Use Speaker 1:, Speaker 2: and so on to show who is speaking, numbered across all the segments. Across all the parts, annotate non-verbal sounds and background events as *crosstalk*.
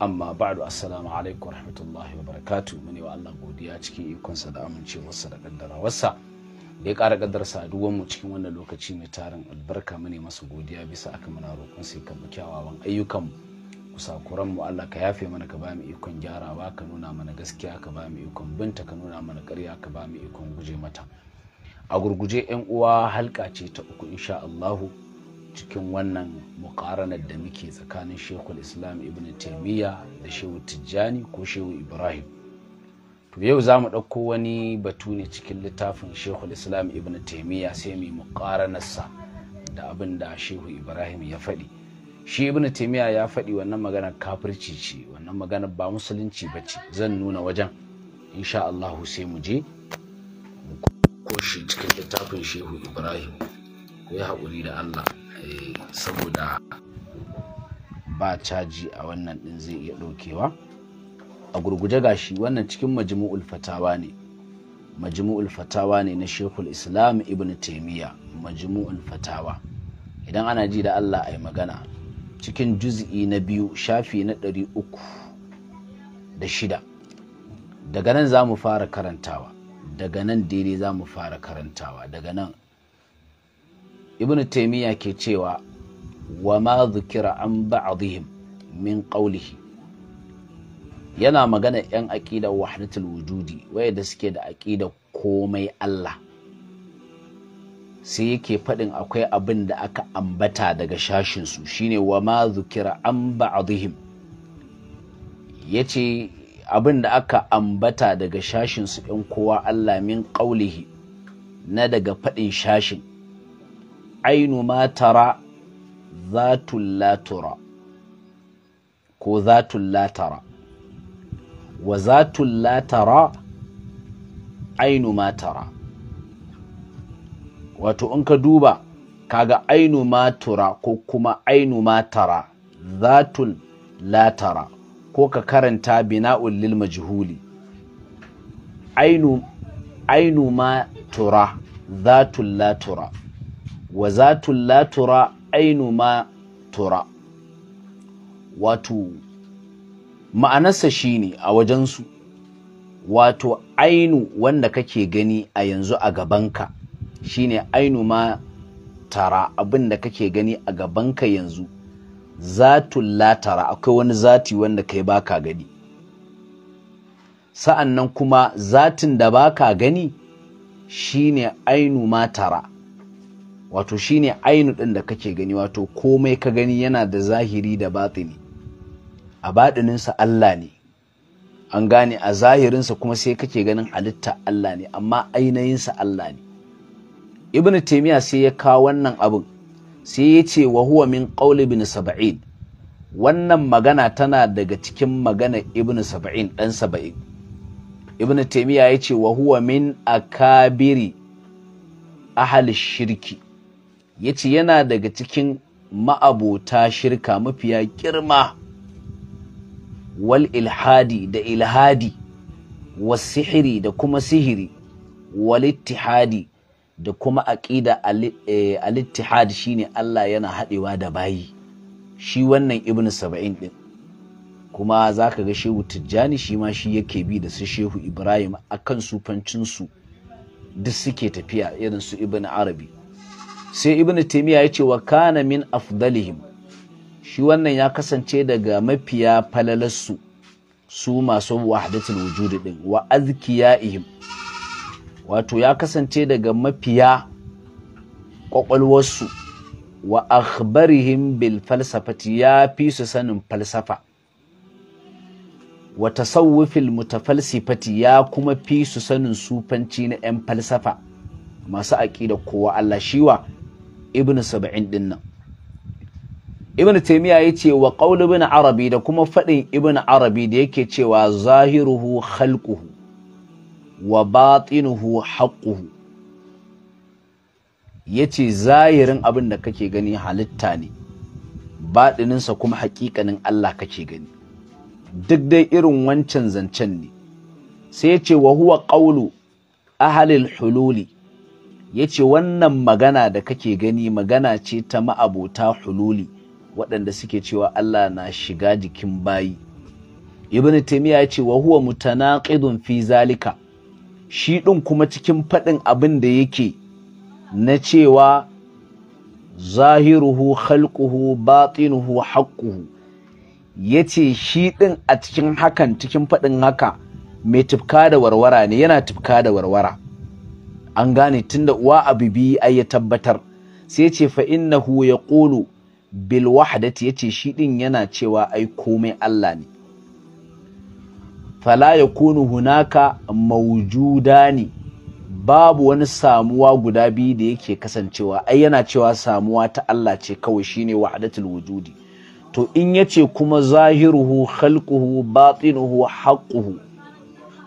Speaker 1: amma ba'du assalamu alaikum rahmatullahi wa barakatu mune wa Allah godiya cikin ikonsa da amincewarsa da kaddarawarsa da ya ƙara kaddar saduwar mu cikin wannan lokaci mai tarin albarka mune masa godiya bisa aka muna roƙon sai kan kyawawan ayyukan mu kusakuran mu Allah ka yafe mana ka ba mu ikon gyarawa ka nuna mana gaskiya ka ba mu ikon binta ka nuna mana karya ka ba mu ikon guje mata a gurguje yan uwa halka ce ta uku insha Allahu cikin wannan mukaranar da muke tsakanin shekul islam ibn taimiyya da shehu tijjani ko shehu ibrahim to yau za mu ɗauko wani batu ne cikin littafin shekul islam ibn taimiyya sai mai mukaranarsa da abin da shehu ibrahim ya faɗi shi ibn taimiyya ya faɗi wannan maganar kafirci ce wannan maganar ba musulunci ba ce zan nuna wajen insha allahu sai mu je cikin littafin shehu ibrahim ku yi haƙuri da allah saboda ba caji a wannan din zai iya ɗaukewa a gurguje gashi wannan cikin majmu'ul fatawa ne majmu'ul fatawa ne na shekul islam ibn taimiyya majmu'ul fatawa idan ana ji da allah a yi magana cikin juz'i na biyu shafi na ɗari uku da shida daga nan za mu fara karantawa daga nan daidai za mu fara karantawa daga nan ibn taimiyya ke cewa wa ma zukira an ba'dihim min qawlihi yana magana yan aqidar wahdatul wujudi waye da suke da aqidar komai Allah sai yake faɗin akwai abin da aka ambata daga su shine wa ma zukira an ba'dihim ya abin da aka ambata daga su ɗin kowa Allah min ƙaulihi na daga faɗin shashin ainu ma tara zatun latura ko zatun latara wa zatun latara ainu ma tara wato in ka duba kaga ainu ma tura ko kuma ainu ma tara zatun latara ko ka karanta bina'ul lil majhuli ainu ainu ma tura zatun latura wa la latura ainu ma tura wato ma'anarsa shine a wajensu wato ainu wanda kake gani a yanzu a gabanka shine ainu ma tara abin da kake gani a gabanka yanzu la latara akwai wani zati wanda kai baka gani sa'an kuma zatin da baka gani shine ainu ma tara wato shine ainu ɗin da kake gani wato komai ka gani yana da zahiri da batini a batininsa Allah ne an gane a zahirinsa kuma sai kake ganin halitta Allah ne amma ainihinsa Allah ne ibn taimiyya sai ya kawo wannan abin sai ya ce wa huwa min qawli bin sab'in wannan magana tana daga cikin magana ibn sab'in dan sab'in ibn taimiyya ya ce wa huwa min akabiri ahal shirki ya ce yana daga cikin ma'abota shirka mafiya girma wal ilhadi da ilhadi was sihiri da kuma sihiri wal ittihadi da kuma aqida eh, al ittihad shine Allah yana hadewa da bayi shi wannan ibnu saba'in din kuma zaka ga shehu tijjani shi ma shi yake bi da su shehu ibrahim akan sufancin su duk suke tafiya irin su ibnu arabi sai Ibn taimiyya ya ce wa kana min afdalihim shi wannan ya kasance daga mafiya falalarsu su masu wahadatul wujudi din wa azkiyaihim wato ya kasance daga mafiya kwakwalwarsu wa akhbarihim bil falsafati ya fi su sanin falsafa wa tasawwufil mutafalsifati ya kuma fi su sanin sufanci na 'yan falsafa masu aƙida kowa Allah shiwa ibn saba'in dinnan. ibn taimiya ya ce wa ƙaul ibn arabi da kuma faɗin ibn arabi da yake cewa zahiruhu khalquhu wa batinuhu haqquhu ya ce zahirin abin da kake gani halitta ne baɗininsa kuma haƙiƙanin Allah kake gani duk dai irin wancan zancen ne sai ya ce wa huwa ƙaulu ahalil hululi ya ce wannan magana da kake gani magana ce ta ma'abota hululi waɗanda suke cewa Allah na shiga jikin bayi ibn taymiya ya ce wa huwa mutanaqidun fi zalika shi ɗin kuma cikin faɗin abin da yake na cewa zahiruhu khalquhu batinuhu haqquhu ce shi ɗin a cikin hakan cikin faɗin haka mai tufka da warwara ne yana tufka da warwara an gane tunda uwa abu biyu ai ya tabbatar sai ce fa innahu yaqulu bil wahdati ce shi din yana cewa ai komai Allah ne fala yakunu hunaka ne. babu wani samuwa guda biyu da yake kasancewa ai yana cewa samuwa ta Allah ce kawai shine wahdatul wujudi to in yace kuma zahiruhu khalquhu batinuhu haqquhu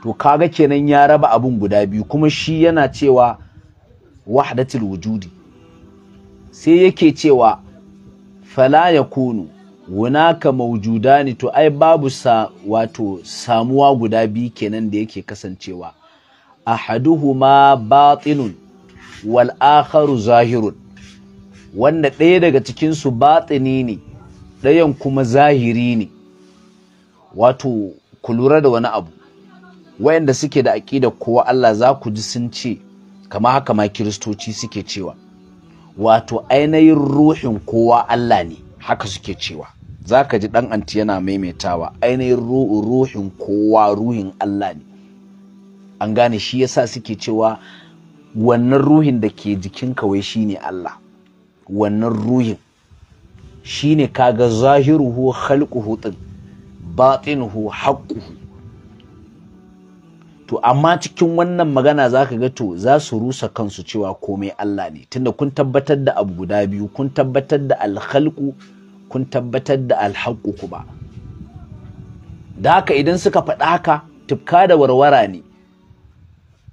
Speaker 1: to kaga kenan ya raba abun guda biyu kuma shi yana cewa wahdatul wujudi sai yake cewa fala yakunu hunaka ni?' to ai babu sa wato samuwa guda biyu kenan da yake kasancewa ahaduhuma batinun wal akharu zahirun wanda ɗaya daga cikin su batini ne ɗayan kuma zahiri ne wato kulura da wani abu wayanda suke da aƙida kowa Allah za ku ji sun ce kama haka ma kiristoci suke cewa wato ainihin ruhin kowa Allah ne haka suke cewa za ka ji ɗan anti yana maimaitawa ainihin ruhin kowa ruhin Allah ne an gane shi yasa suke cewa wannan ruhin da ke jikin kawai shine Allah wannan ruhin shine kaga zahiruhu khalquhu din batinuhu haqquhu to amma cikin wannan magana za ka ga to za su rusa kansu cewa komai Allah ne tunda kun tabbatar da abu guda biyu kun tabbatar da alhalku kun tabbatar da alhaƙu kuma da haka idan suka faɗa haka tufka da warwara ne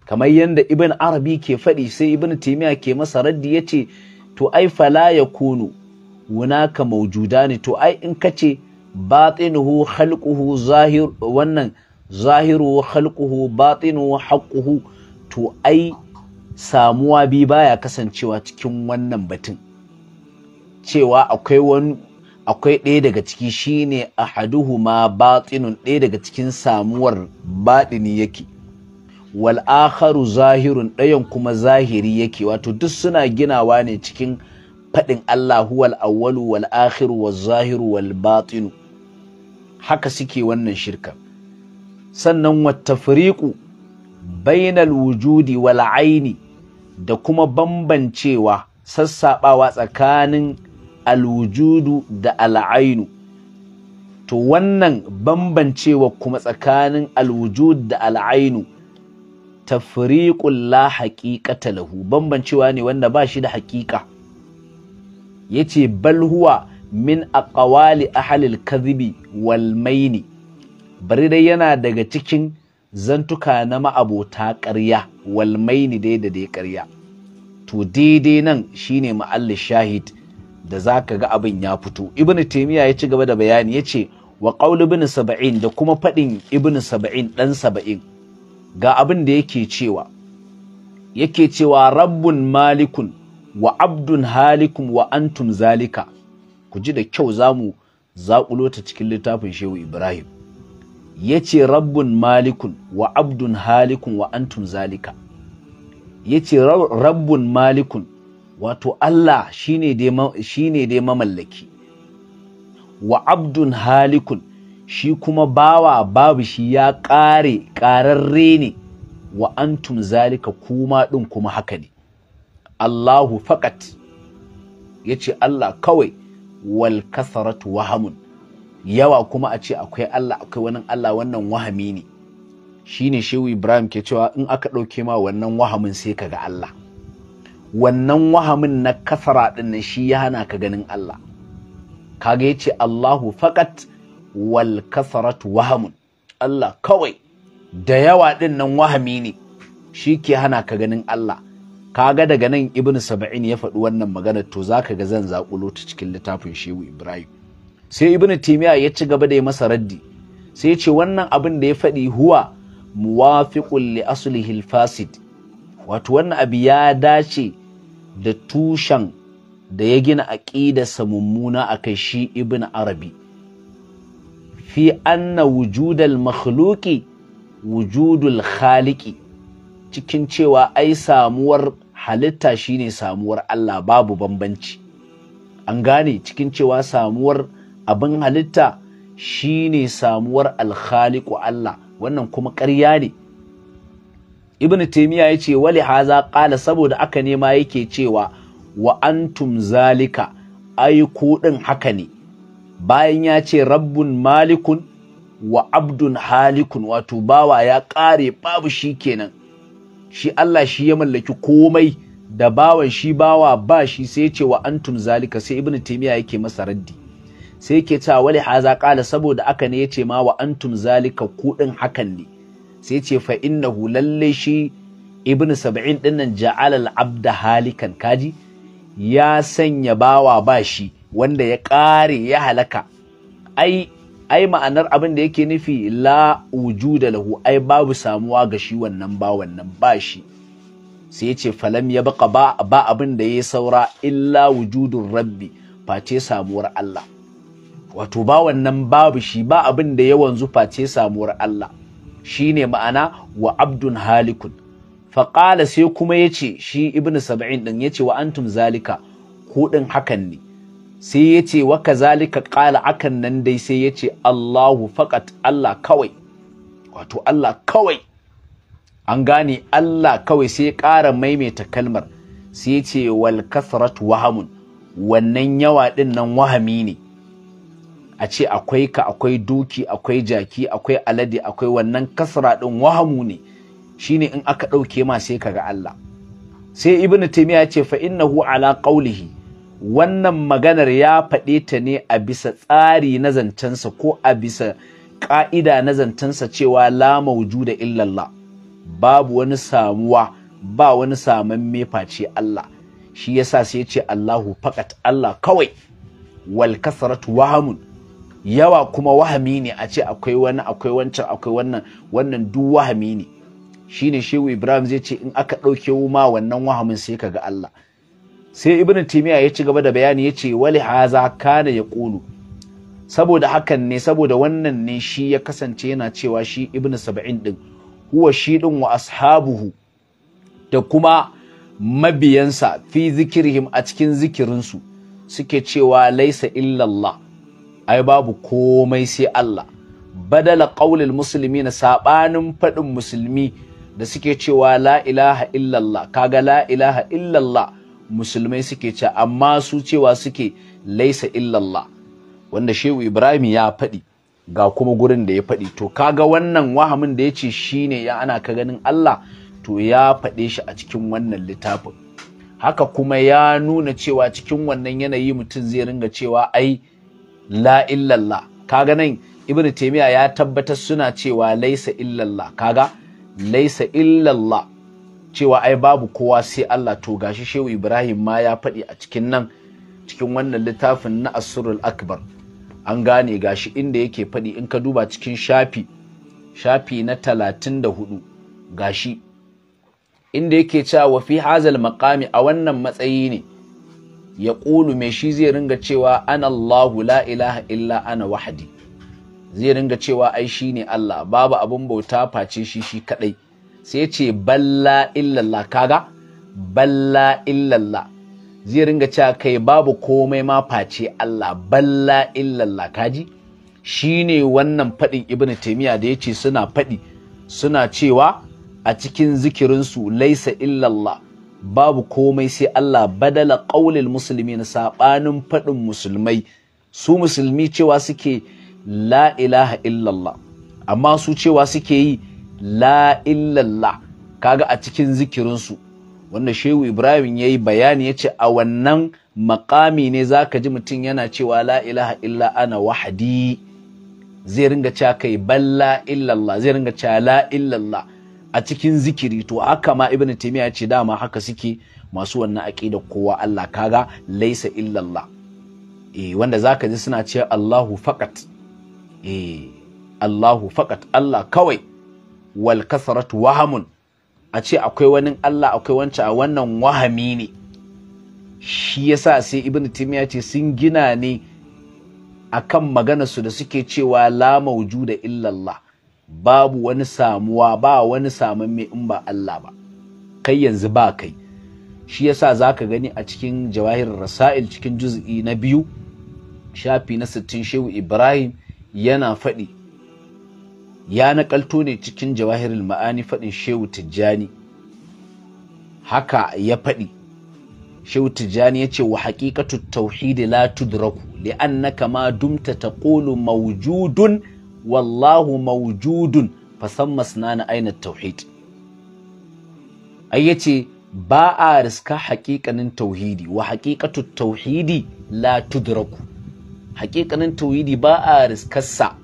Speaker 1: kamar yadda ibn arabi ke faɗi sai ibn taimiyya ke masa raddi ya ce to ai fala ya kono wunaka maujuda ne to ai in ka ce batinuhu halquhu zahir wannan zahiru Halkuhu, batinu haqquhu to ai samuwa bi baya kasancewa cikin wannan batun cewa akwai wani akwai ɗaya daga ciki shine ma batinun ɗaya daga cikin samuwar baɗini yake Wal'akaru zahiru zahirun ɗayan kuma zahiri yake wato duk suna ginawa ne cikin faɗin allahu huwal awwalu wal akhiru wal zahiru wal batinu haka suke wannan shirka sannan firiku bainal wujudi wal aini da kuma bambancewa sassabawa tsakanin alwujudu da al'ainu to wannan bambancewa kuma tsakanin alwujud da al'ainu tafriqul la haqiqata lahu bambancewa ne wanda ba shi da haƙiƙa yace bal huwa min a ƙawali ahlil kazibi wal maini bari dai yana daga cikin zantuka na ma'abota ƙarya walmaini dai da dai ƙarya to daidai nan shine ma'alli shahid da za ka ga abin ya fito ibn taimiyya ya ci gaba da bayani ya ce wa ƙaulu ibnu saba'in da kuma faɗin ibn saba'in ɗan saba'in ga abin da yake cewa yake cewa rabbun malikun wa abdun halikun wa antum zalika ku ji da kyau za mu zaƙulo ta cikin littafin shehu ibrahim ya ce rabbun malikun wa abdun halikun wa antum zalika ya ce rabbun malikun wato Allah shi ne dai mamallaki wa abdun halikun shi kuma bawa babu shi ya ƙare ƙararre ne wa antum zalika kuma ɗin kuma haka ne Allahu faƙat ya ce Allah kawai wal kasaratu wahamun yawa kuma a ce akwai Allah akwai wani Allah wannan wahami ne shine shehu Ibrahim ke cewa in aka ɗauke ma wannan wahamin sai ka ga Allah wannan wahamin na kasara ɗin nan shi ya hana ka ganin Allah kaga yace Allahu faqat wal kasaratu wahamun Allah kawai da yawa ɗin nan wahami ne shi ke hana ka ganin Allah Ka ga daga nan ibn saba'in ya faɗi wannan magana to zaka ga zan zaƙulo ta cikin littafin shehu Ibrahim sai ibnu timiya ya ci gaba da ya masa raddi sai ya ce wannan abin da ya faɗi huwa muwafiƙun li aslihi fasid wato wannan abu ya dace da tushen da ya gina aqidarsa mummuna a kai shi ibnu arabi fi anna wujudal makhluqi wujudul khaliqi cikin cewa ai samuwar halitta shine samuwar Allah babu bambanci an gane cikin cewa samuwar abin halitta shine samuwar alkhaliku Allah wannan kuma ƙarya ne ibn taymiya yace wali haza qala saboda aka nema yake cewa wa antum zalika ai ku haka ne bayan ya ce rabbun malikun wa abdun halikun wato bawa ya ƙare babu shi kenan shi Allah shi ya mallaki komai da bawan shi bawa ba shi sai ce wa antum zalika sai ibn taymiya yake masa raddi sai yake cewa wali haza qala saboda aka ne yace ma wa antum zalika kudin hakan ne sai yace fa innahu lalle shi ibnu sab'in dinnan al abda halikan kaji ya sanya bawa bashi wanda ya kare ya halaka ai ai ma'anar abin da yake nufi la wujuda lahu ai babu samuwa ga shi wannan ba wannan Bashi. sai yace falam ya baka ba abin da ya saura illa wujudun rabbi face samuwar Allah wato ba wannan babu shi ba abin da yawan zufa ce samuwar Allah shi ne ma'ana wa abdun halikun faƙala sai kuma ya ce shi ibn saba'in ɗin ya ce wa antum zalika ku hakan ne sai ya ce wa ka zalika ƙala akan nan dai sai ya ce Allahu faƙat Allah kawai wato Allah kawai an gane Allah kawai sai ƙara maimaita kalmar sai ya ce wal kasrat wahamun wannan yawa ɗin nan wahami ne a ce akwai ka akwai doki akwai jaki akwai alade akwai wannan kasra din wahamu ne shine in aka ɗauke ma sai ka ga Allah sai ibn taymiya ce fa innahu ala qawlihi wannan maganar ya faɗe ta ne a bisa tsari na zancensa ko a bisa ƙa'ida na zancensa cewa la mawjuda illallah babu wani samuwa ba wani samamme face Allah shi yasa sai ya ce Allahu faqat Allah kawai wal kasratu wahamun yawa kuma wahami ne a ce akwai wani akwai wancan akwai wannan wannan duk wahami ne shine shehu ibrahim zai ce in aka ɗauke ma wannan wahamin sai ka ga allah sai ibnu timiya ya ci gaba da bayani ya ce wali haza kana ya ƙulu saboda hakan ne saboda wannan ne shi ya kasance yana cewa shi ibnu Sab'in din huwa shi din wa ashabuhu da kuma mabiyansa fi zikirhim a cikin zikirinsu suke cewa laisa illallah ai babu komai sai Allah badala ƙaunar musulmi na saɓanin faɗin musulmi da suke cewa la ilaha illallah kaga la ilaha illallah musulmai suke ce amma su cewa suke laisa illallah wanda shehu ibrahim ya faɗi ga kuma gurin da ya faɗi to kaga wannan wahamin da ya ce shine ya ana ka ganin Allah to ya faɗe shi a cikin wannan littafin haka kuma ya nuna cewa cikin wannan yanayi mutum zai ringa cewa ai la illallah kaga nan ibnu taymiya ya tabbatar suna cewa laisa illallah kaga laisa illallah cewa ai babu kowa sai Allah to gashi Shehu Ibrahim ma ya faɗi a cikin nan cikin wannan littafin na Asrul Akbar an gane gashi inda yake faɗi in ka duba cikin shafi shafi na 34 gashi inda yake cewa wa fi hazal maqami a wannan matsayi ne ya ƙulu mai shi zai ringa cewa ana Allahu la ilaha illa ana wahadi zai ringa cewa ai shi ne Allah babu abin bauta face shi shi kaɗai sai ce balla illallah kaga balla illallah zai ringa cewa kai babu komai ma face Allah balla illallah kaji shi ne wannan faɗin ibn taimiyya da ya ce suna faɗi suna cewa a cikin zikirinsu laisa illallah babu komai sai Allah badala musulmi na saɓanin faɗin musulmai su musulmi cewa suke la illallah amma su cewa suke yi la illallah kaga a cikin zikirinsu wanda shehu ibrahim ya yi bayani ya ce a wannan makami ne za ka ji mutum yana cewa la ilaha illa ana wahadi zai ringa cewa kai balla illallah zai ringa cewa la a cikin zikiri to haka ma Ibn taymiya ce dama haka suke masu wannan aqida kowa Allah kaga laisa illallah eh wanda zaka ji suna ce Allahu faqat eh Allahu faqat Allah kawai wal kasratu wahamun a ce akwai wani Allah akwai wancan a wannan wahami ne shi yasa sai Ibn taymiya ce sun gina ne akan su da suke cewa la maujuda illallah babu wani samuwa ba wani samun mai in ba Allah ba kai yanzu ba kai shi yasa ka gani a cikin jawahir rasail cikin juz'i na biyu shafi na sittin shehu ibrahim yana faɗi ya naƙalto ne cikin jawahirul ma'ani faɗin shehu tijjani haka ya faɗi shehu tijjani ya ce wa haƙiƙatu tauhidi la tudraku li'annaka ma dumta taqulu mawjudun wallahu mawjudun masana na aina tauhid ai ce, ba a riska haƙiƙanin tauhidi wa haƙiƙatu tauhidi la tudraku haƙiƙanin tauhidi ba a riskarsa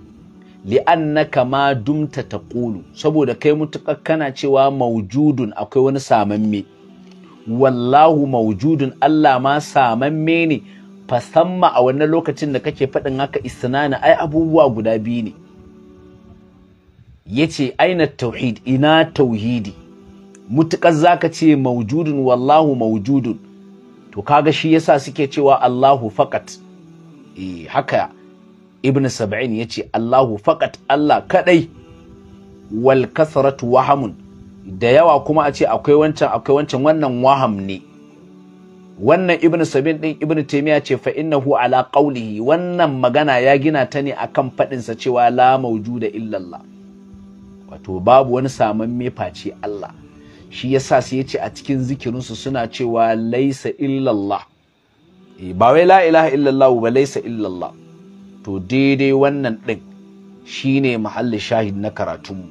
Speaker 1: li'annaka ma dumta ta ƙulu saboda kai mutukar kana cewa mawjudun akwai wani samamme wallahu mawjudun Allah ma samamme ne fasamma a wannan lokacin da kake faɗin haka isnana ai abubuwa guda biyu ne yace aina tauhid ina tauhidi mutukar zaka ce maujudun wallahu maujudun to kaga shi yasa suke cewa Allahu faqat eh haka ibn sab'in yace Allahu faqat Allah kadai wal kasratu wahamun da yawa kuma a ce akwai wancan akwai wancan wannan waham ne wannan ibn sabin din ibn taymiya ce fa innahu ala qawlihi wannan magana ya gina ta ne akan fadin sa cewa la maujuda illallah To babu wani samamme face Allah shi yasa sai ya ce a cikin zikirinsu suna cewa laisa illallah eh, ba wai la ilaha illallah ba laisa illallah to daidai wannan din shine mahallin shahid na karatun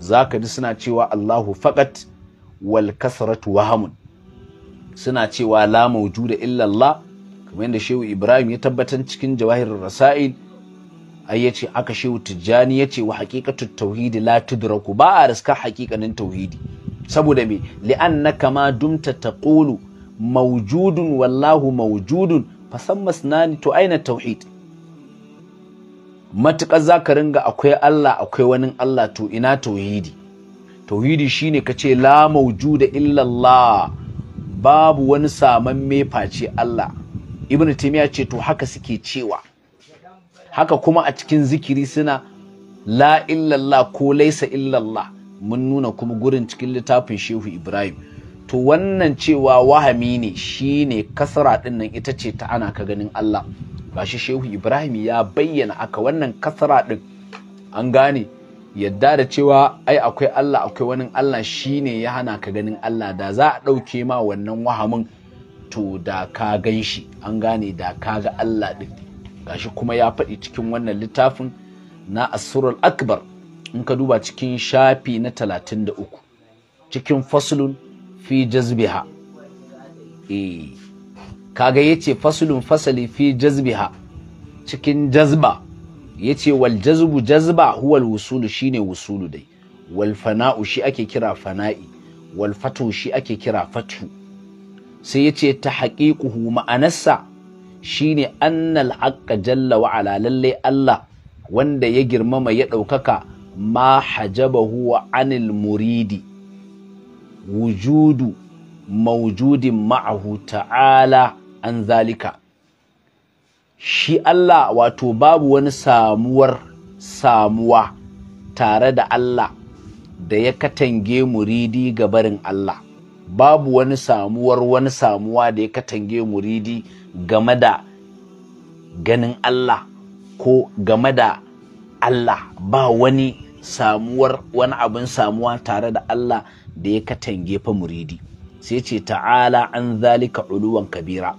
Speaker 1: zaka ji suna cewa Allahu faqat wal kasratu wahamun suna cewa la mawjuda illallah kamar yadda Shehu Ibrahim ya tabbatar cikin Jawahirur Rasail ai yace aka shehu tijjani yace wa haqiqatu tauhidi la tudraku ba a riska haqiqanin tauhidi saboda me annaka ma dumta taqulu mawjudun wallahu mawjudun fasamma to aina tauhid matuƙar za ka ringa akwai Allah akwai wani Allah to ina tauhidi tauhidi shine ka ce la maujuda illallah babu wani saman face Allah ibnu taymiya ce to haka suke cewa haka kuma a cikin zikiri suna la illallah ko laisa illallah mun nuna kuma gurin cikin littafin shehu ibrahim to wannan cewa wahami ne shine kasara din nan ita ce ta ana ka ganin allah gashi shehu ibrahim ya bayyana aka wannan kasara din an gane yadda da cewa ai akwai allah akwai wani allah shine ya hana ka ganin allah da za a ɗauke ma wannan wahamin to da ka gan shi an gane da ka ga allah din gashi kuma ya faɗi cikin wannan littafin na asurul akbar in ka duba cikin shafi na talatin da uku. cikin fasulun fi jazbiha eh kaga yace faslun fasali fi jazbiha cikin jazba Ya ce wal jazbu jazba Huwal wusulu shi ne wusulu dai wal fana'u shi ake kira fana'i wal fatu shi ake kira fatu sai ya ce ta haƙiƙuhu ma'anarsa shine annal haqqa jalla wa ala Allah wanda ya girmama ya ɗaukaka ma hajabahu wa anil muridi wujudu maujudin ma'ahu ta'ala an zalika shi Allah wato babu wani samuwar samuwa tare da Allah da ya katange muridi ga barin Allah babu wani samuwar wani samuwa da ya katange muridi game da ganin Allah ko game da Allah ba wani samuwar wani abin samuwa tare da Allah da ya katange fa muridi sai ce ta'ala an zalika uluwan kabira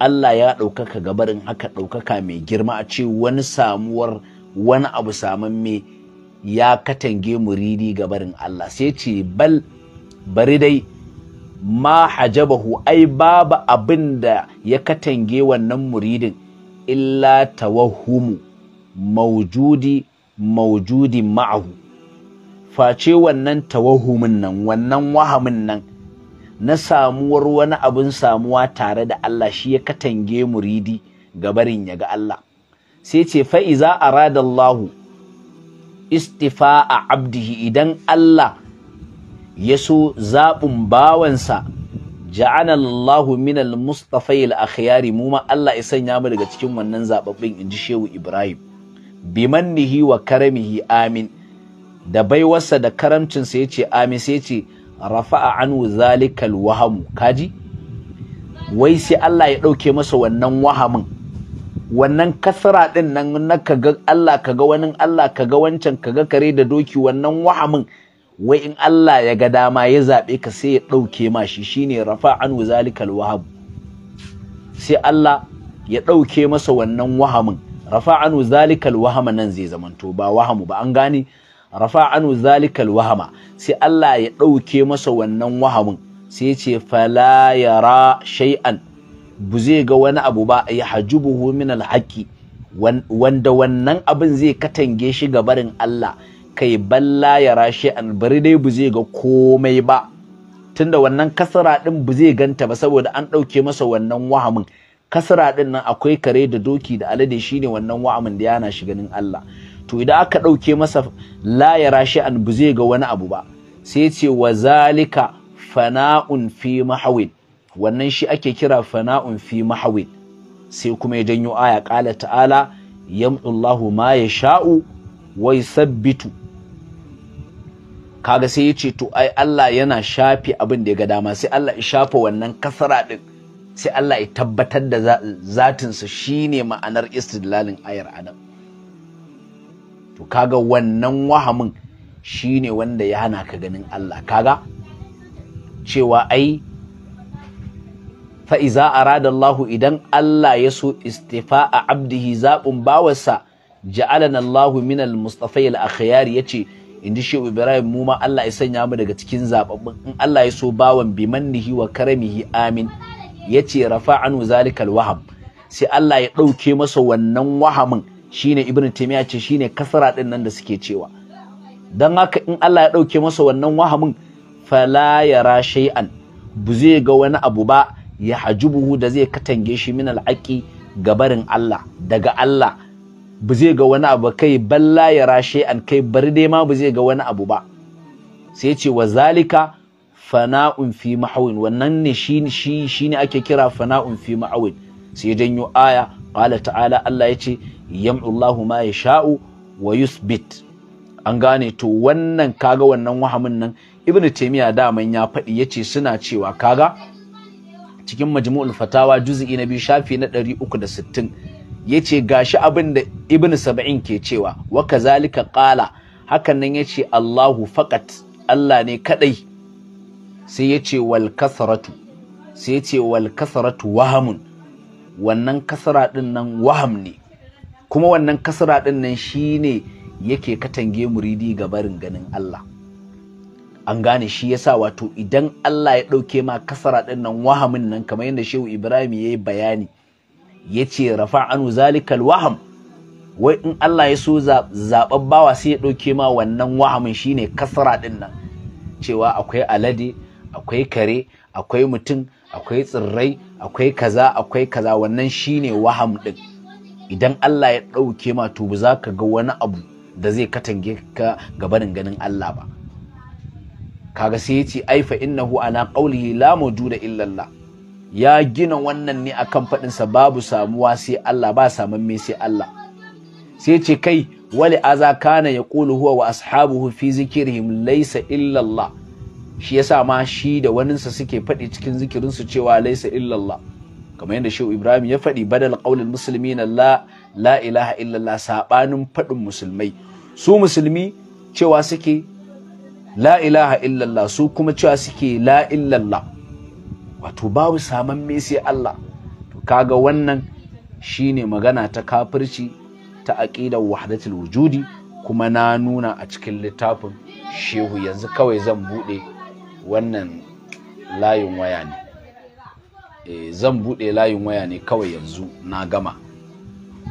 Speaker 1: Allah ya ɗaukaka gabarin haka ɗaukaka mai girma a ce wani samuwar wani abu samamme ya katange muridi gabarin Allah sai ce bal bari dai ma hajabahu ai babu abin da ya katange wannan muridin illa tawahumu maujudi maujudi ma'ahu face wannan tawahumin nan wannan wahamin nan na samuwar wani abin samuwa tare da Allah shi ya katange muridi gabarin ya ga Allah sai ce fa'iza istifa a abdihi idan Allah ya so zaɓin bawansa ja'ana Mustapha minal mustafayil akhiyari mu ma Allah ya sanya mu daga cikin wannan zababbin inji Shehu Ibrahim bimannihi wa karamihi amin da baiwarsa da karamcinsa yace amin sai yace rafa'a anhu zalikal wahamu kaji wai sai Allah ya ɗauke masa wannan wahamin wannan kasra ɗin nan na kaga Allah kaga wani Allah kaga wancan kaga kare da doki wannan wahamin wai in Allah ya ga dama ya zaɓe ka sai ya ɗauke ma shi shine rafa anhu zalikal wahab sai Allah ya ɗauke masa wannan wahamin rafa anhu zalikal wahama nan zai zamanto ba wahamu ba an gane rafa anhu zalikal wahama sai Allah ya ɗauke masa wannan wahamin sai ce fala yara shay'an bu zai ga wani abu ba ya hajubuhu min alhaqi wanda wannan abin zai katange shi ga barin Allah kai balla ya rashe an bari dai bu zai ga komai ba tunda wannan kasara din bu zai ganta ba saboda an dauke masa wannan wahamin kasara din nan akwai kare da doki da alade shine wannan wa'amin da yana shi ganin Allah to idan aka dauke masa la ya rashe an bu zai ga wani abu ba sai ce wa zalika fana'un fi mahawin wannan shi ake kira fana'un fi mahawin sai kuma ya janyo aya qala ta'ala yamullahu ma yasha'u wa yuthabbitu kaga sai ya ce to ai Allah yana shafe abin da ya ga dama sai Allah ya shafe wannan kasara din sai Allah ya tabbatar da zatinsa shine ma'anar istidlalin ayar anan to kaga wannan wahamin shine wanda ya hana ka ganin Allah kaga cewa ai fa'iza arada Allah idan Allah ya so istifa'a abdihi zaɓin bawarsa allah Allahu minal mustafayil akhyari ya ce in ji shehu ibrahim mu ma allah ya sanya mu daga cikin zababbin in allah ya so bawan bi mannihi wa karamihi amin ya ce rafa anu zalikal waham sai allah ya ɗauke masa wannan wahamin shine ibn taimiyya ce shine kasara din nan da suke cewa dan haka in allah ya ɗauke masa wannan wahamin fala yara shay'an bu zai ga wani abu ba ya hajubuhu da zai katange shi min al'aqi gabarin allah daga allah ba zai ga wani abu kai balla ya rashe an kai bari dai ma ba zai ga wani abu ba sai ce wa zalika fana'un fi ma'awin wannan ne shi shi ne ake kira fana'un fi ma'awin sai janyo aya qala ta'ala Allah yace yam'u Allahu ma yasha'u wa yusbit an gane to wannan kaga wannan wahamin nan ibn taymiya daman ya faɗi yace suna cewa kaga cikin majmu'ul fatawa juz'i na biyu shafi na 360 yace gashi abin da ibnu sab'in ke cewa wa kazalika qala hakan nan yace Allahu faqat Allah ne kadai sai yace wal kasratu sai yace wal kasratu wahamun wannan kasra din nan waham ne kuma wannan kasra din nan shine yake katange muridi ga barin ganin Allah an gane shi yasa wato idan Allah ya dauke ma kasara din nan wahamin nan kamar yadda Shehu Ibrahim yayi bayani ya ce rafa anu zalikal waham wai in Allah ya so zaɓen bawa sai ya ɗauke ma wannan wahamin shine kasara ɗin nan cewa akwai alade akwai kare akwai mutum akwai tsirrai akwai kaza akwai kaza wannan shine waham ɗin idan Allah ya ɗauke ma to za ka ga wani abu da zai katange ka gabanin ganin Allah ba kaga sai ya ce fa innahu ala qawlihi la mawjuda illa Allah ya gina wannan ne akan faɗinsa babu samuwa sai Allah ba saman sai Allah sai ce kai wali aza kana ya ƙulu huwa wa ashabuhu fi zikirihim laisa illallah shi yasa ma shi da waninsa suke faɗi cikin zikirinsu cewa laisa illallah kamar yadda shehu ibrahim ya faɗi badal qaulil muslimina la la ilaha illallah Saɓanin faɗin musulmai su musulmi cewa suke la ilaha illallah su kuma cewa suke la illallah wato babu saman me sai Allah to kaga wannan shine magana ta kafirci ta aqidar wahdatul wujudi kuma na nuna a cikin littafin shehu yanzu kawai zan bude wannan layin waya ne eh, zan bude layin waya ne kawai yanzu na gama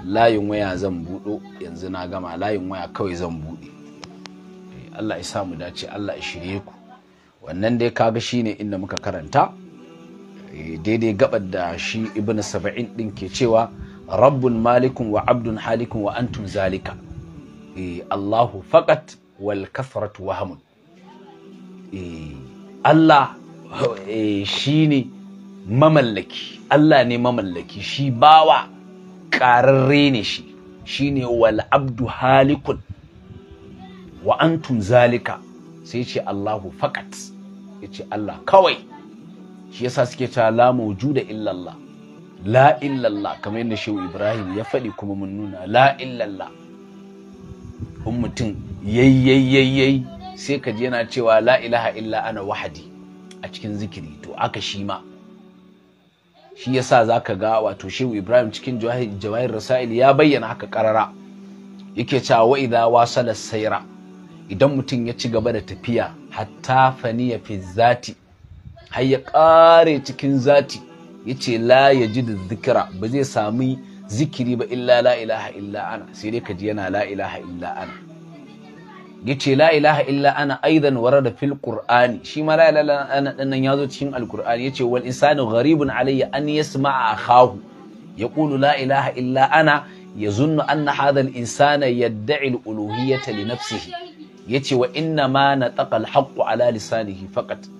Speaker 1: layin waya zan budo yanzu na gama layin waya kawai zan bude eh, Allah ya samu dace Allah ya shirye ku wannan dai kaga shine inda muka karanta daidai gabar da shi ibn saba'in din ke cewa rabbun malikun wa abdun halikun wa antum zalika eh, allahu faqat wal wa hamun eh, allah eh, shi ne mamallaki allah ne mamallaki shi bawa ƙararre ne shi shi ne wal abdu halikun wa antum zalika sai ce allahu faqat ya ce allah kawai shi yasa suke cewa la mawjuda illallah la illallah kamar yadda shehu ibrahim ya faɗi kuma mun nuna la illallah in mutum yayyayyayyayi sai ka je yana cewa la ilaha illa ana wahadi a cikin zikiri to aka shi ma shi yasa zaka ga wato shehu ibrahim cikin jawahir rasail ya bayyana haka karara yake cewa wa idha wasala saira idan mutum ya ci gaba da tafiya hatta faniya fi zati har ya ƙare cikin zati ya ce la ya ji da zikira ba zai sami zikiri ba illa la ilaha illa ana sai dai ji yana la ilaha illa ana ya ce la ilaha illa ana aidan wara da fil qur'ani shi ma la ilaha ana din nan yazo cikin alqur'ani yace wal insanu gharibun alayya an yasma'a ya yaqulu la ilaha illa ana yazunnu anna hadha al insana yad'i al uluhiyyata li nafsihi yace wa inna ma nataqa al haqqu ala lisanihi faqat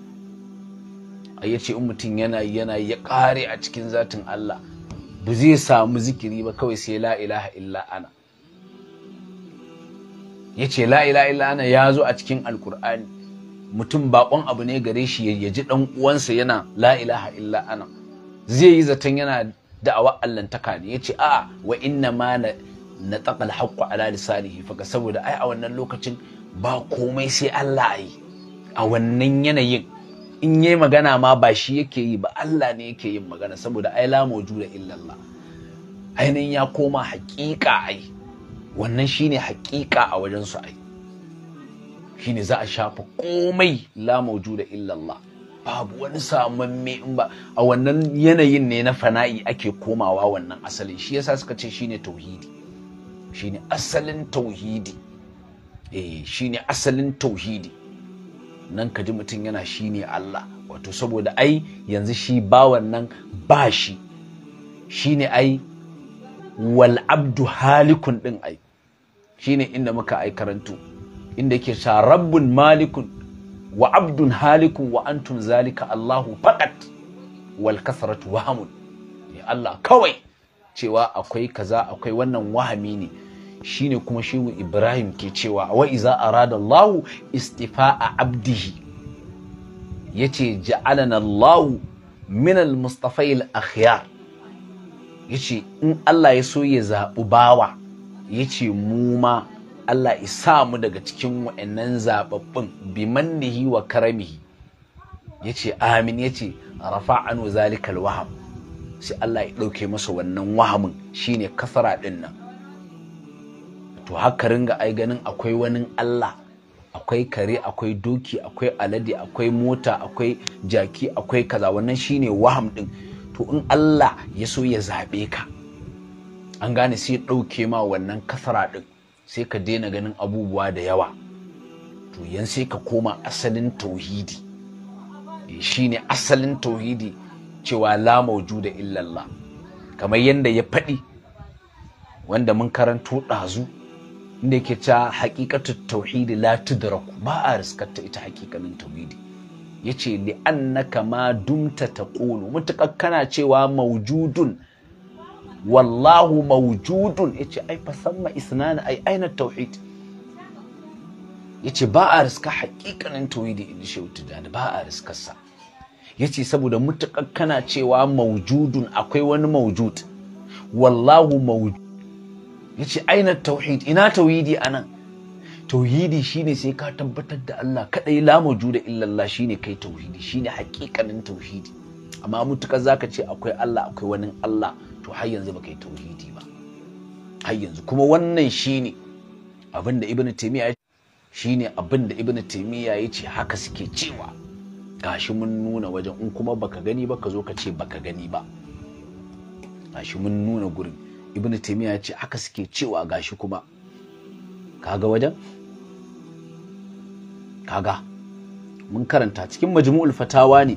Speaker 1: A ya ce in mutum yana yana ya ƙare a cikin zatin Allah ba zai samu zikiri ba kawai sai la ilaha illa ana ya ce la ilaha illa ana ya zo a cikin alkur'ani mutum baƙon abu ne gare shi ya ji dan uwansa yana la ilaha illa ana zai yi zaton yana da'awar allantaka ne ya ce a wa inna ma na tsakal haƙƙo ala lisanihi faga saboda ai a wannan lokacin ba komai sai Allah a yi a wannan yanayin in yi magana ma ba shi yake yi ba Allah ne yake yin magana saboda ai la illa illallah ainihin ya koma haƙiƙa ai wannan shine haƙiƙa a wajen su ai shine za a shafa komai la mawjuda illallah babu wani me in ba a wannan yanayin ne na fana'i ake komawa wannan asalin shi yasa suka ce shine tauhidi shine asalin tauhidi eh shine asalin tauhidi nan ka ji mutum yana shi ne Allah wato saboda ai yanzu shi bawan nan ba shi shi ne ai wal abdu halikun ɗin ai shi ne inda muka ai karantu inda ke sa rabbun malikun wa abdun halikun wa antum zalika Allahu faqat wal kasratu wahamun Allah kawai cewa akwai kaza akwai wannan wahami ne shine kuma shehu ibrahim ke cewa wa iza arada Istifa istifa'a abdihi yace ja'alana allahu min al-mustafai al yace in allah ya so ya zaɓi bawa yace mu ma allah sa mu daga cikin wa'annan zababbin bi mannihi wa karamihi yace amin yace rafa'anu zalikal waham sai allah ya ɗauke masa wannan wahamin shine kasara ɗin nan to haka ringa ai ganin akwai wani Allah akwai kare akwai doki akwai alade akwai mota akwai jaki akwai kaza wannan shine waham din to in Allah ya so ya zabe ka an gane sai ɗauke ma wannan kasara din sai ka daina ganin abubuwa da yawa to yan sai ka koma asalin tauhidi eh, shine asalin tauhidi cewa la maujuda illallah kamar yadda ya faɗi wanda mun karanto ɗazu inda ke ta haƙiƙatu tauhidi la tudraku ba a riskarta ita haƙiƙanin tauhidi yace li annaka ma dumta taqulu mutakar kana cewa maujudun wallahu maujudun yace ai fasamma isnana ai aina tauhid yace ba a riska haƙiƙanin tauhidi in shehu tijani ba a riskarsa yace saboda mutakar kana cewa maujudun akwai wani maujud wallahu maujud ya ce aina tauhid ina tauhidi a nan tauhidi shine sai ka tabbatar da Allah kaɗai la mawjuda illallah shi shine kai tauhidi shine hakikanin tauhidi amma za zaka ce akwai Allah akwai wani Allah to har yanzu ba kai tauhidi ba har yanzu kuma wannan shine abinda ibnu taymiya shine abinda ibnu taymiya yace haka suke cewa gashi mun nuna wajen in kuma baka gani ba ka zo ka ce baka gani ba gashi mun nuna gurin ibn taimiyya ya ce haka suke cewa gashi kuma kaga wajen kaga mun karanta cikin majmu'ul fatawa ne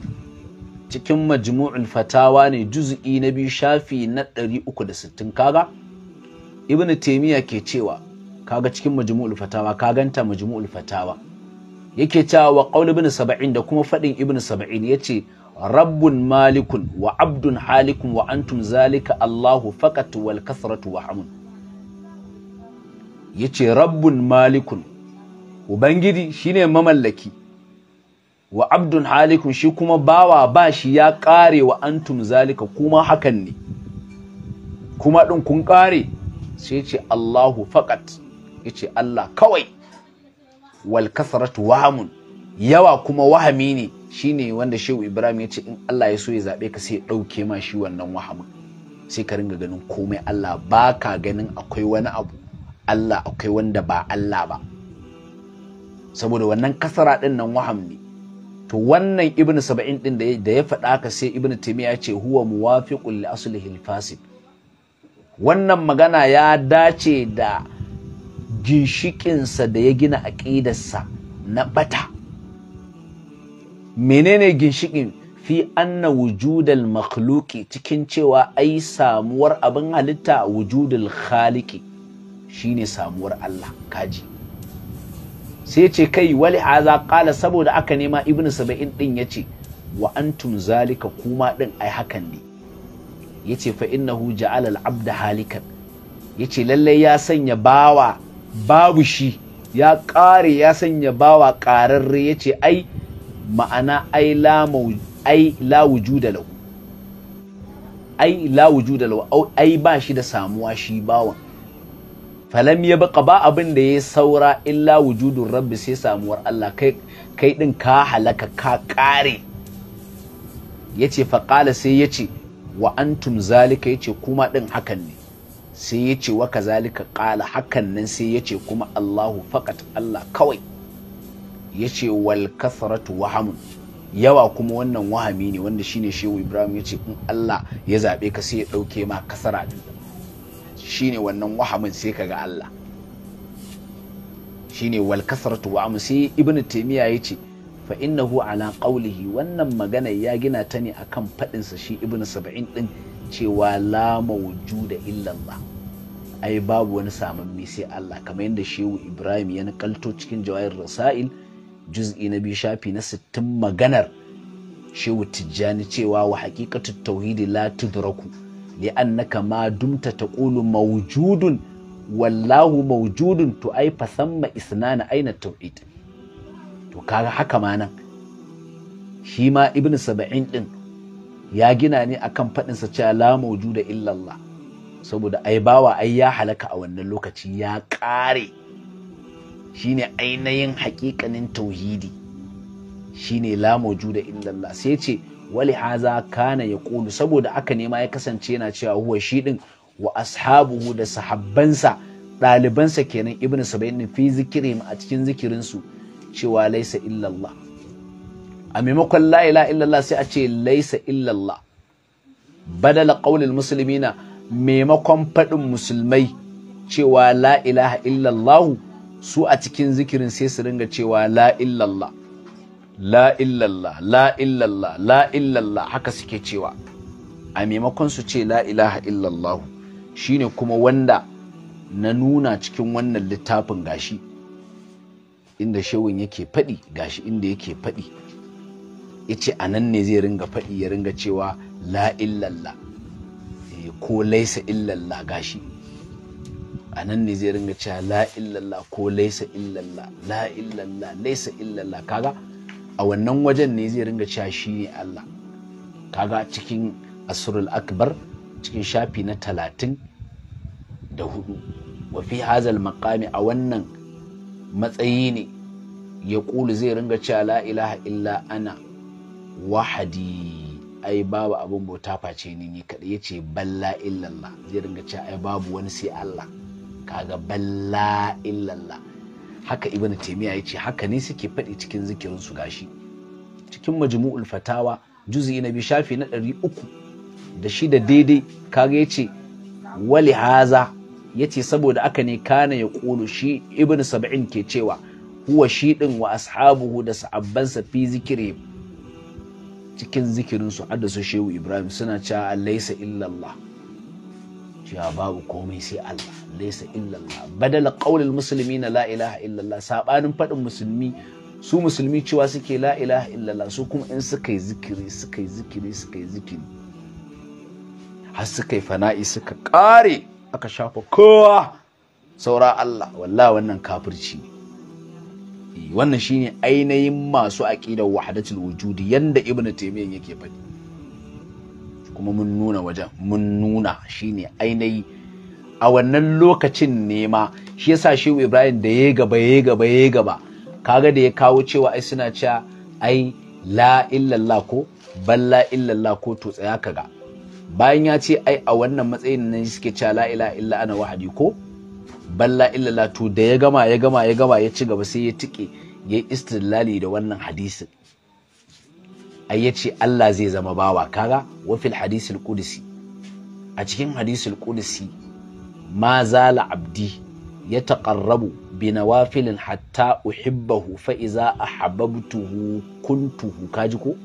Speaker 1: cikin majmu'ul fatawa ne juz'i na biyu shafi na 360 kaga ibn taimiyya ke cewa kaga cikin majmu'ul fatawa kaganta majmu'ul fatawa yake cewa wa qaul ibn 70 da kuma fadin ibn 70 yace rabbun malikun wa abdun halikun wa antum zalika Allahu faqat wal kasratu wa hamun yace rabbun malikun ubangiji shine mamallaki wa abdun halikun shi kuma bawa ba shi ya kare wa antum zalika kuma hakan ne kuma din kun kare sai ce Allahu Ya ce Allah kawai wal kasratu hamun. yawa kuma wahami ne shine wanda shehu ibrahim ya ce in allah ya so ya zaɓe ka sai ɗauke ma shi wannan wahamin sai ka ringa ganin komai allah ba ka ganin akwai wani abu allah akwai wanda ba allah ba saboda wannan kasara ɗin nan waham ne to wannan ibn saba'in ɗin da ya faɗa ka sai ibn taimiyya ya ce huwa muwafiqun li aslihi fasid wannan magana ya dace da ginshikinsa da ya gina aƙidarsa na ɓata menene ginshikin fi anna wujudal makhluki cikin cewa ai samuwar abin halitta a wujudal khaliki shine samuwar Allah kaji sai ce kai wali haza kala saboda aka nema ibn saba'in din yace wa antum zalika kuma din ai hakan ne yace fa innahu ja'ala al-abda halikan yace lallai ya sanya bawa babu shi ya kare ya sanya bawa ƙararre yace ai ma'ana ai la ai la wujuda lau ai la wujuda ai ba shi da samuwa shi bawan falam ya baka ba abin da ya saura illa wujudun rabbi sai samuwar Allah kai kai din ka halaka ka kare yace qala sai yace wa antum zalika yace kuma din hakan ne sai yace wa kazalika qala hakan nan sai yace kuma Allahu faqat Allah kawai ya ce wal kasaratu yawa kuma wannan wahami ne wanda shine shehu ibrahim ya ce in allah ya zaɓe ka sai ya ɗauke ma kasara shine wannan wahamin sai ka ga allah shine wal kasaratu wahamun sai ibn taimiyya ya ce fa innahu ala qawlihi wannan magana ya gina ta ne akan faɗinsa shi ibn saba'in ɗin cewa la mawjuda illallah ai babu wani saman sai Allah kamar yadda shehu Ibrahim ya nakalto cikin jawahir rasail juz'i na biyu shafi na sittin maganar shehu tijjani cewa wa haqiqatu tauhidi la tudraku annaka ma dumta taqulu mawjudun wallahu mawjudun to ai samma isnana aina tauhid to kaga haka ma nan shi ma ibnu saba'in din ya gina ne akan faɗinsa cewa la mawjuda illallah saboda ai bawa ai ya halaka a wannan lokaci ya kare. shine ainihin hakikanin tauhidi shine la mawjuda illallah sai ce wali haza kana ya kulu saboda aka nema ya kasance yana cewa huwa shi din wa ashabuhu da sahabbansa ɗalibansa kenan ibnu sabain fi zikirim a cikin zikirinsu cewa laisa illallah a maimakon la ilaha illallah sai a ce laisa illallah badala musulmi na maimakon faɗin musulmai cewa la ilaha illallah su a cikin zikirin sai su ringa cewa la illallah la illallah la illallah la illallah haka suke cewa a maimakon su ce la ilaha illallah shine kuma wanda na nuna cikin wannan littafin gashi inda shewin yake faɗi gashi inda yake faɗi ya ce a nan ne zai ringa faɗi ya ringa cewa la illallah eh, ko laisa illallah gashi a nan ne zai ringa cewa la illallah ko laisa illallah la illallah laisa illallah kaga a wannan wajen ne zai ringa cewa shi ne Allah kaga cikin asrul akbar cikin shafi na talatin da hudu wa fi hazal maqami a wannan matsayi ne ya ƙulu zai ringa cewa la ilaha illa ana wahadi ai babu abin bauta face ni ni kaɗai ya ce balla illallah zai ringa cewa ai babu wani sai Allah kaga balla illallah haka ibn taymiya yace haka ne suke faɗi cikin zikirin su gashi cikin majmu'ul fatawa juz'i na bi shafi na ɗari uku da shi daidai kaga yace wali haza yace saboda aka ne kana ya kulu shi ibn sab'in ke cewa huwa shi ɗin wa ashabuhu da sa'abbansa fi zikiri cikin zikirin su adda su shehu ibrahim suna cewa laisa illallah cewa babu komai sai Allah laisa illallah badala qaulil muslimina la ilaha illallah sabanin fadin musulmi su musulmi cewa suke la ilaha illallah su kuma in suka yi zikiri suka yi zikiri suka yi zikiri har suka yi fana'i suka kare aka shafa kowa saura Allah wallahi wannan kafirci ne eh, wannan shine ainihin masu aqidar wahdatul wujudi yanda ibnu taymiyyah yake faɗi kuma mun nuna wajen mun nuna shine ainihi a wannan lokacin nema shi yasa shi ibrahim da ya gaba ya gaba ya gaba kaga da ya kawo cewa ai suna cewa ai la illallah ko ban la illallah ko to tsaya ga. bayan ya ce ai a wannan matsayin nan suke cewa la ilaha illa ana wahadi ko ban la illallah to da ya gama ya gama ya gama ya ci gaba sai ya tike ya istidlali da wannan hadisin ai yace Allah zai zama bawa kaga wa fil hadisul qudsi a cikin hadisul qudsi ma zala abdi ya taqarrabu bi nawafilin hatta uhibbahu fa iza ahabbtuhu kuntuhu kaji ko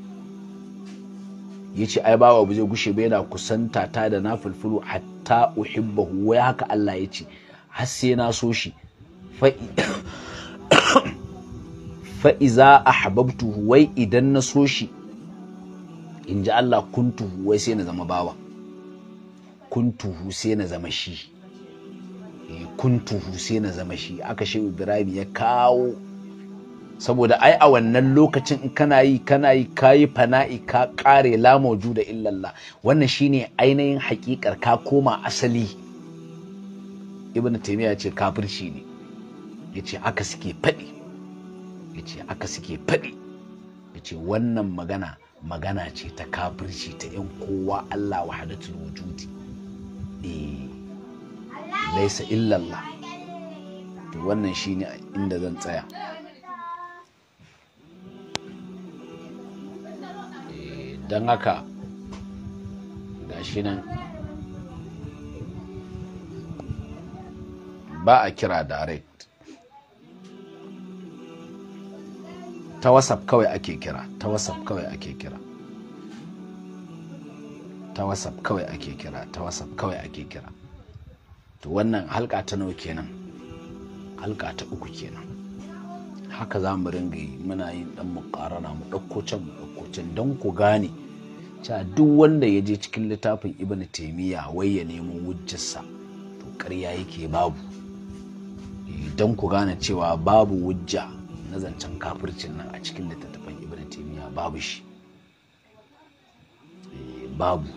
Speaker 1: yace ai bawa bu zai gushe bai na kusanta ta da nafulfulu hatta uhibbahu wai haka Allah yace har sai na so shi fa *coughs* fa'iza a wai idan na so shi in ji Allah tuhu wai sai na zama bawa tuhu sai na zama shi eh, tuhu sai na zama shi aka shi Ibrahim ya kawo saboda ai a wannan lokacin in kana yi kana yi kayi fana'i ka kare la da illallah wannan shine ainihin hakikar ka koma asali ibn taymiya ce kafirci ne yace aka suke faɗi yace aka suke faɗi yace wannan magana magana ce ta kafirci ta 'yan kowa Allah wahadatul wujudi e laisa illallah to wannan shine inda zan tsaya eh, don haka gashi nan ba a kira direct ta wasaf kawai ake kira ta whatsapp kawai ake kira ta whatsapp kawai ake kira ta whatsapp kawai ake kira to wannan halka ta nawa kenan halka ta uku kenan haka za mu ringa yi muna yin dan mu mu ɗauko can mu ɗauko can don ku gane cewa duk wanda ya je cikin littafin ibnu taimiyya wai ya nemo wujjarsa to ƙarya yake babu eh, don ku gane cewa babu wujja na zancen kafircin nan a cikin littattafan ibn taimiyya babu shi eh, babu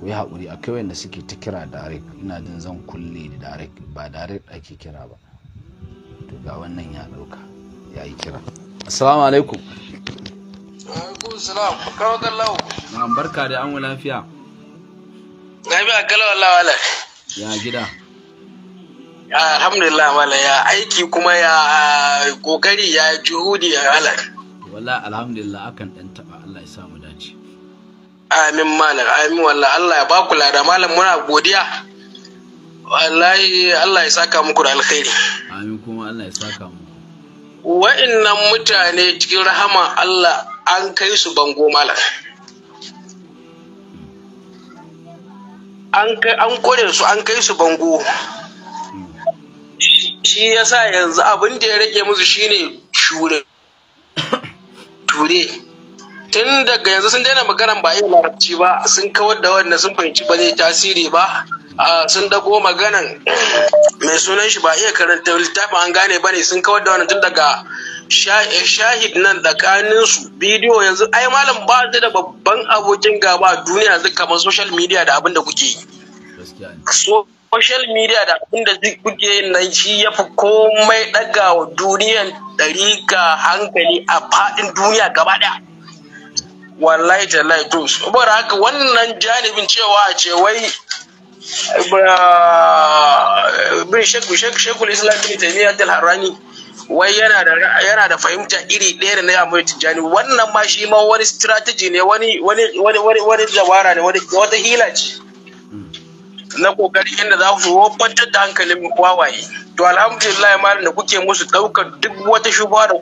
Speaker 1: ku yi haƙuri a kai da suke ta kira direct ina jin zan kulle da direct ba direct ake kira ba to ga wannan ya ɗauka ya yi kira assalamu alaikum alaikum na barka da an lafiya
Speaker 2: Na kalau Allah wala ya gida alhamdulillah mala ya aiki kuma ya kokari ya juhudi ya halak
Speaker 1: wala alhamdulillah akan dan taba Allah ya samu dace
Speaker 2: amin malam amin wallahi Allah ya baku lada malam muna godiya wallahi Allah ya saka muku da alkhairi
Speaker 1: amin kuma Allah ya saka muku
Speaker 2: wa'annan mutane cikin rahama Allah an kai su bango malam an kore su an kai su bango shi sa yanzu abin da ya rage musu shine shure ture tun daga yanzu sun daina magana ba iya larabci ba sun kawar da wannan sun fahimci ba zai tasiri ba sun dago maganan mai sunan shi ba iya karanta littafin an gane ba ne sun kawar da wannan tun daga shahid nan tsakaninsu bidiyo yanzu ai malam ba da babban abokin gaba a duniya zai kamar social media da abin da kuke
Speaker 1: yi
Speaker 2: social media da abin da kuke nan shi ya fi komai daga wa duniyan ɗari ga hankali a faɗin duniya gaba ɗaya wallahi tallahi to saboda haka wannan janibin cewa a ce wai bin shekul islam bin taimiyya dal harani wai yana da fahimta iri ɗaya da na yamu tijjani wannan ma shi ma wani strategy ne wani wani dabara ne wata hila ce na kokari inda za su kwantar da hankalin wawaye to alhamdulillah malam da kuke musu ɗaukar duk wata shubawa da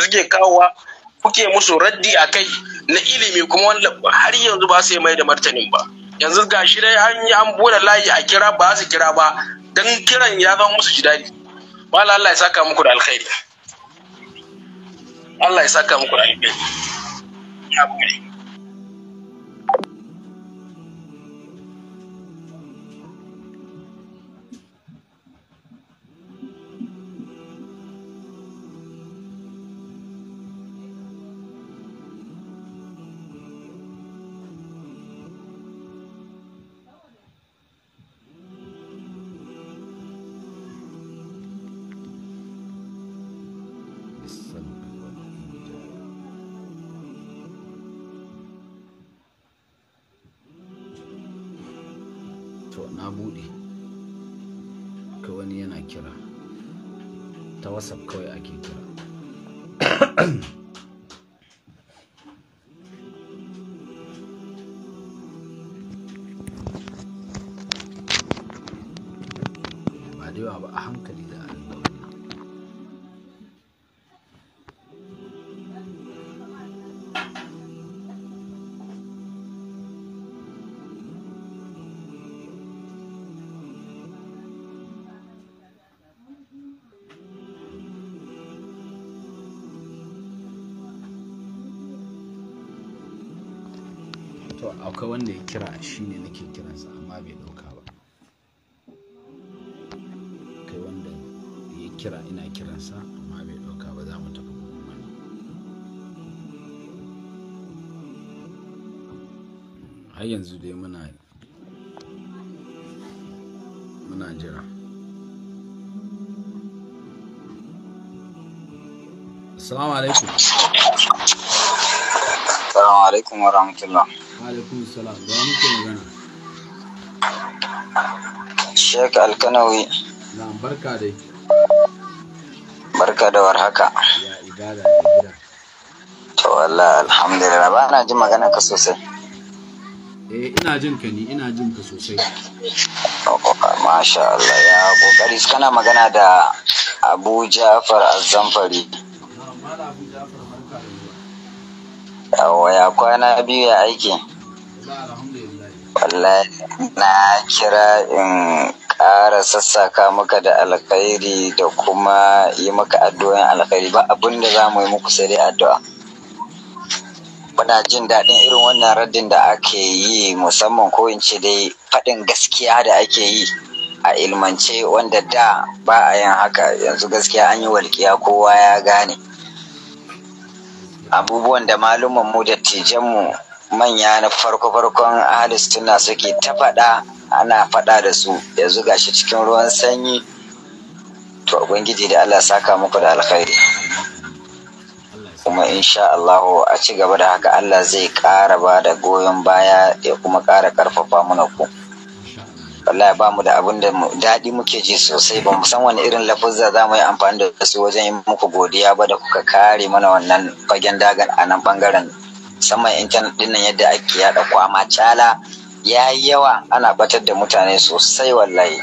Speaker 2: suke kawowa kuke musu raddi a kai na ilimi kuma wanda har yanzu ba su mai da martanin ba yanzu ga shi dai an yi an bude layi a kira ba su kira ba dan kiran ya zama musu daɗi, malam Allah ya saka muku da alkhairi Allah ya saka muku da alkhairi
Speaker 1: to akwai wanda ya kira shi ne nake kiransa amma bai ɗauka ba akwai wanda ya kira ina kiransa amma bai ɗauka ba za mu tafi mana har yanzu dai muna muna jira assalamu alaikum
Speaker 3: assalamu alaikum wa rahmatullah alaikun salam ba muke magana sheik alkanawi na barka dai barka da haka! ya ibada ya gida to wallah alhamdulillah ba na ji magana ka sosai eh ina jin ka ni ina jin ka sosai oh, masha Allah ya kokari kana magana da Abu Ja'far Az-Zamfari yawa ya kwana biyu ya aiki wallahi na kira in ƙara sassaka maka da alkhairi da kuma yi maka addu'an alkhairi ba abin da za mu yi muku sai dai addu'a muna jin daɗin irin wannan raddin da ake yi musamman ko in ce dai faɗin gaskiya da ake yi a ilmance wanda da ba a yin haka yanzu gaskiya an yi walƙiya kowa ya gane abubuwan da malumanmu da tijanmu manya na farko-farkon ahalus suna suke ta faɗa ana faɗa da su ya zuga shi cikin ruwan sanyi to ubangiji da Allah saka muku da alkhairi kuma insha Allah a ci gaba da haka Allah zai ƙara ba da goyon baya ya kuma ƙara ƙarfafa muna ku ya ba mu da abin da daɗi muke ji sosai ba mu san wani irin lafuzza za mu yi amfani da su wajen yi muku godiya ba da kuka kare mana wannan fagen dagan a nan ɓangaren Saman intanet dinnan yadda ake yaɗa kwama cala ya yi yawa ana batar da mutane sosai wallahi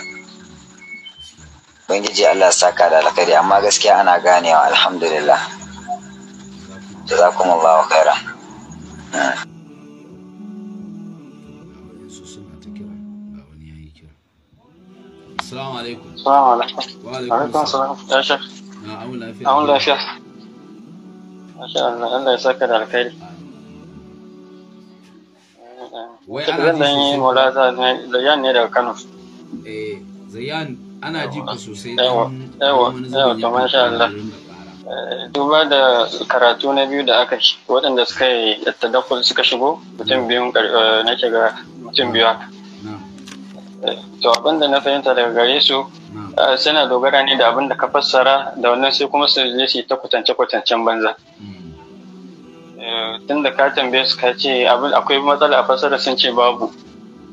Speaker 3: Bangiji allah saka da alkhairi amma gaskiya ana ganewa alhamdulillah jazakumullahu khairan
Speaker 2: Assalamu alaikum. Assalamu alaikum. Wa alaikum salam. Ya shek. Na
Speaker 4: amun lafiya. Amun lafiya. Masha Allah, Allah ya saka da alkhairi. wai ana ji sosai zayyan ne daga kano eh zayyan ana ji ku sosai yawa yawa to masha Allah eh, duba da karatu na biyu da aka shi waɗanda suka yi tadakul suka shigo mutum biyun eh, na shiga mutum biyu haka eh, to abin da na fahimta daga gare su suna dogara ne da abin da ka fassara da wannan sai kuma su je su ta kwatance kwatancen banza mm. Eh, tun da ka tambaye su ka ce akwai matsala a fasara sun ce babu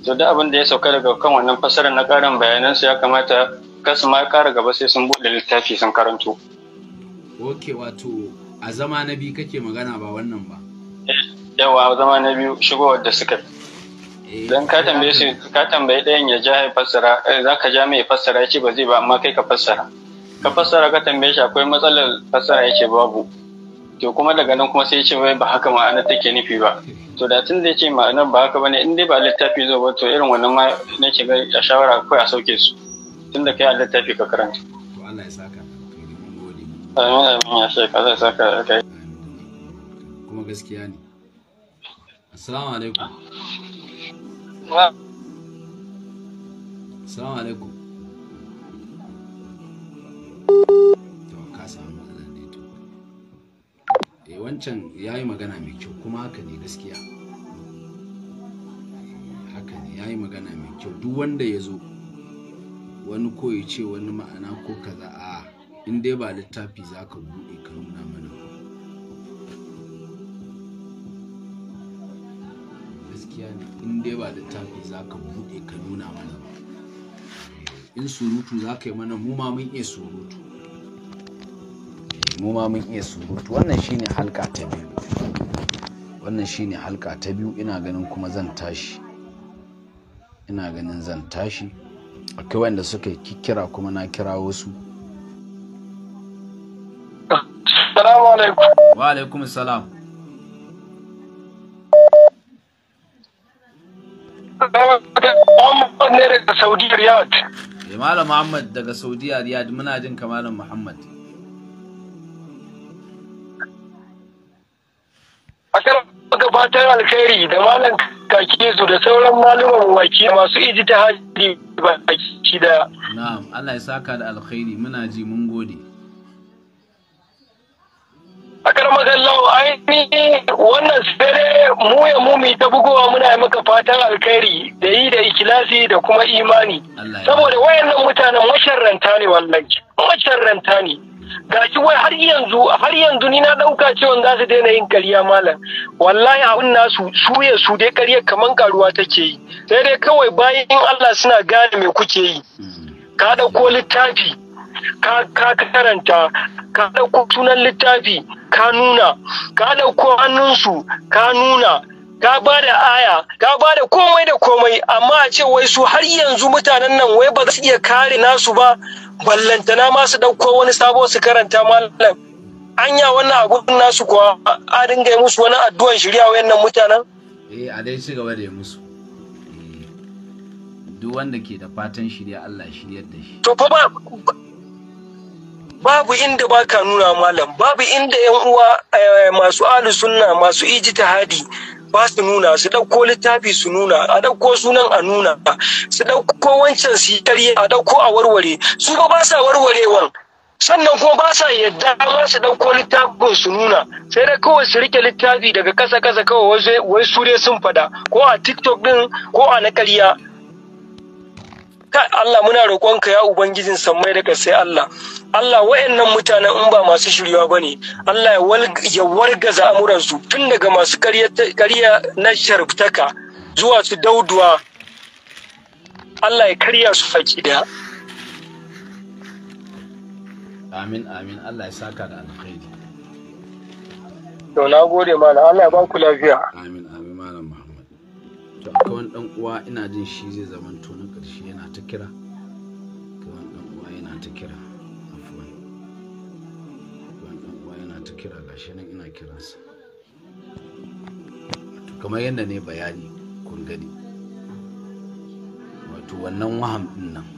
Speaker 4: to da abin da ya sauka daga kan wannan fasara na karin bayanan su ya kamata kasu ma kara gaba sai sun bude littafi sun karanto
Speaker 1: ok wato a zama na biyu kake magana ba wannan ba eh,
Speaker 4: yawa a zama na biyu shigowar da suka eh, don ka tambaye su ka tambaye ɗayan ya ja ya fassara za ka ja mai fassara ya ce ba zai ba amma kai ka fassara ka fassara ka tambaye shi akwai matsalar fassara ya ce babu to kuma daga nan kuma sai ce wai ba haka ma'ana take nufi ba to da tun da ce ma'ana ba haka bane in dai ba littafi zo ba to irin wannan ma na ke a shawara ko a sauke su tun da kai a littafi ka karanta to
Speaker 1: Allah ya saka
Speaker 5: amin amin ya saka Allah ya saka kai
Speaker 1: kuma gaskiya ne assalamu alaikum assalamu alaikum wancan ya yi magana mai kyau kuma haka ne gaskiya haka ne ya yi magana mai kyau duk wanda ya zo wani koyi ce wani ma'ana ko kaza a in dai ba littafi za ka buɗe ka nuna mana gaskiya ne in dai ba littafi za ka buɗe ka nuna mana in surutu za ka yi mana mu ma mun iya surutu mu ma mun iya surutu wannan shine halka ta biyu wannan shine halka ta biyu ina ganin kuma zan tashi ina ganin zan tashi akwai wanda suka kira kuma na kira wasu Wa alaikum salam. Muhammad ne daga Saudi Riyadh. Eh, Malam Muhammad daga Saudi Riyadh muna jin ka Malam Muhammad.
Speaker 5: alkhairi da malam kake su da sauran maluman waki masu ijtihadi
Speaker 1: baki da na'am Allah ya saka da alkhairi muna ji mun gode
Speaker 5: akar magallau ainihi wannan sere mu ya mumi ta bugowa muna maka fatan alkhairi da yi da ikilasi da kuma imani saboda wayannan mutanen masharranta ne wallahi masharranta ne gashi wai har yanzu har yanzu ni na dauka cewa za su daina yin kariya malam wallahi abin nasu su ya su dai kariya kaman karuwa take yi sai dai kawai bayan Allah suna gane me kuke yi ka dauko littafi ka ka karanta ka dauko sunan littafi ka nuna ka dauko hannunsu ka nuna ka ba da aya ka ba da komai da komai amma a ce wai su har yanzu mutanen nan wai ba za su iya kare nasu ba ballantana ma su ɗauko wani sabo su karanta malam anya wannan abun nasu kuwa a dinga yi musu wani addu'an shirya wayannan
Speaker 1: mutanen eh a dai ci gaba da yi musu eh, duk wanda ke da fatan shirya Allah shiryar da shi
Speaker 5: to fa ba babu inda ba ka nuna malam babu inda yan uwa eh, masu alu sunna masu ijtihadi ba su nuna su ɗauko littafi su nuna a ɗauko sunan a nuna su ɗauko wancan su yi a ɗauko a warware su ba ba sa warwarewan sannan kuma ba sa yadda ba su ɗauko littafin su nuna sai da kawai su rike littafi daga kasa kasa kawai wai su sun fada ko a tiktok din ko a na karya. Allah muna roƙonka ya ubangijin sammai da sai Allah Allah nan mutanen in ba masu shiryuwa ne. Allah ya wargaza amuransu tun daga masu ƙarya na sharftaka zuwa su dauduwa Allah ya karya su faƙi da
Speaker 1: Amin amin Allah ya saka da alkhairi To
Speaker 5: na gode malam Allah ya ba ku lafiya Amin amin malam
Speaker 1: Muhammad To akwai wani dan uwa ina jin shi zai zama kira ɗan uwa yana ta kira afuwan uwa yana ta kira gashi nan ina kiransa kamar yadda ne bayani kun gani wato wannan waham ɗin nan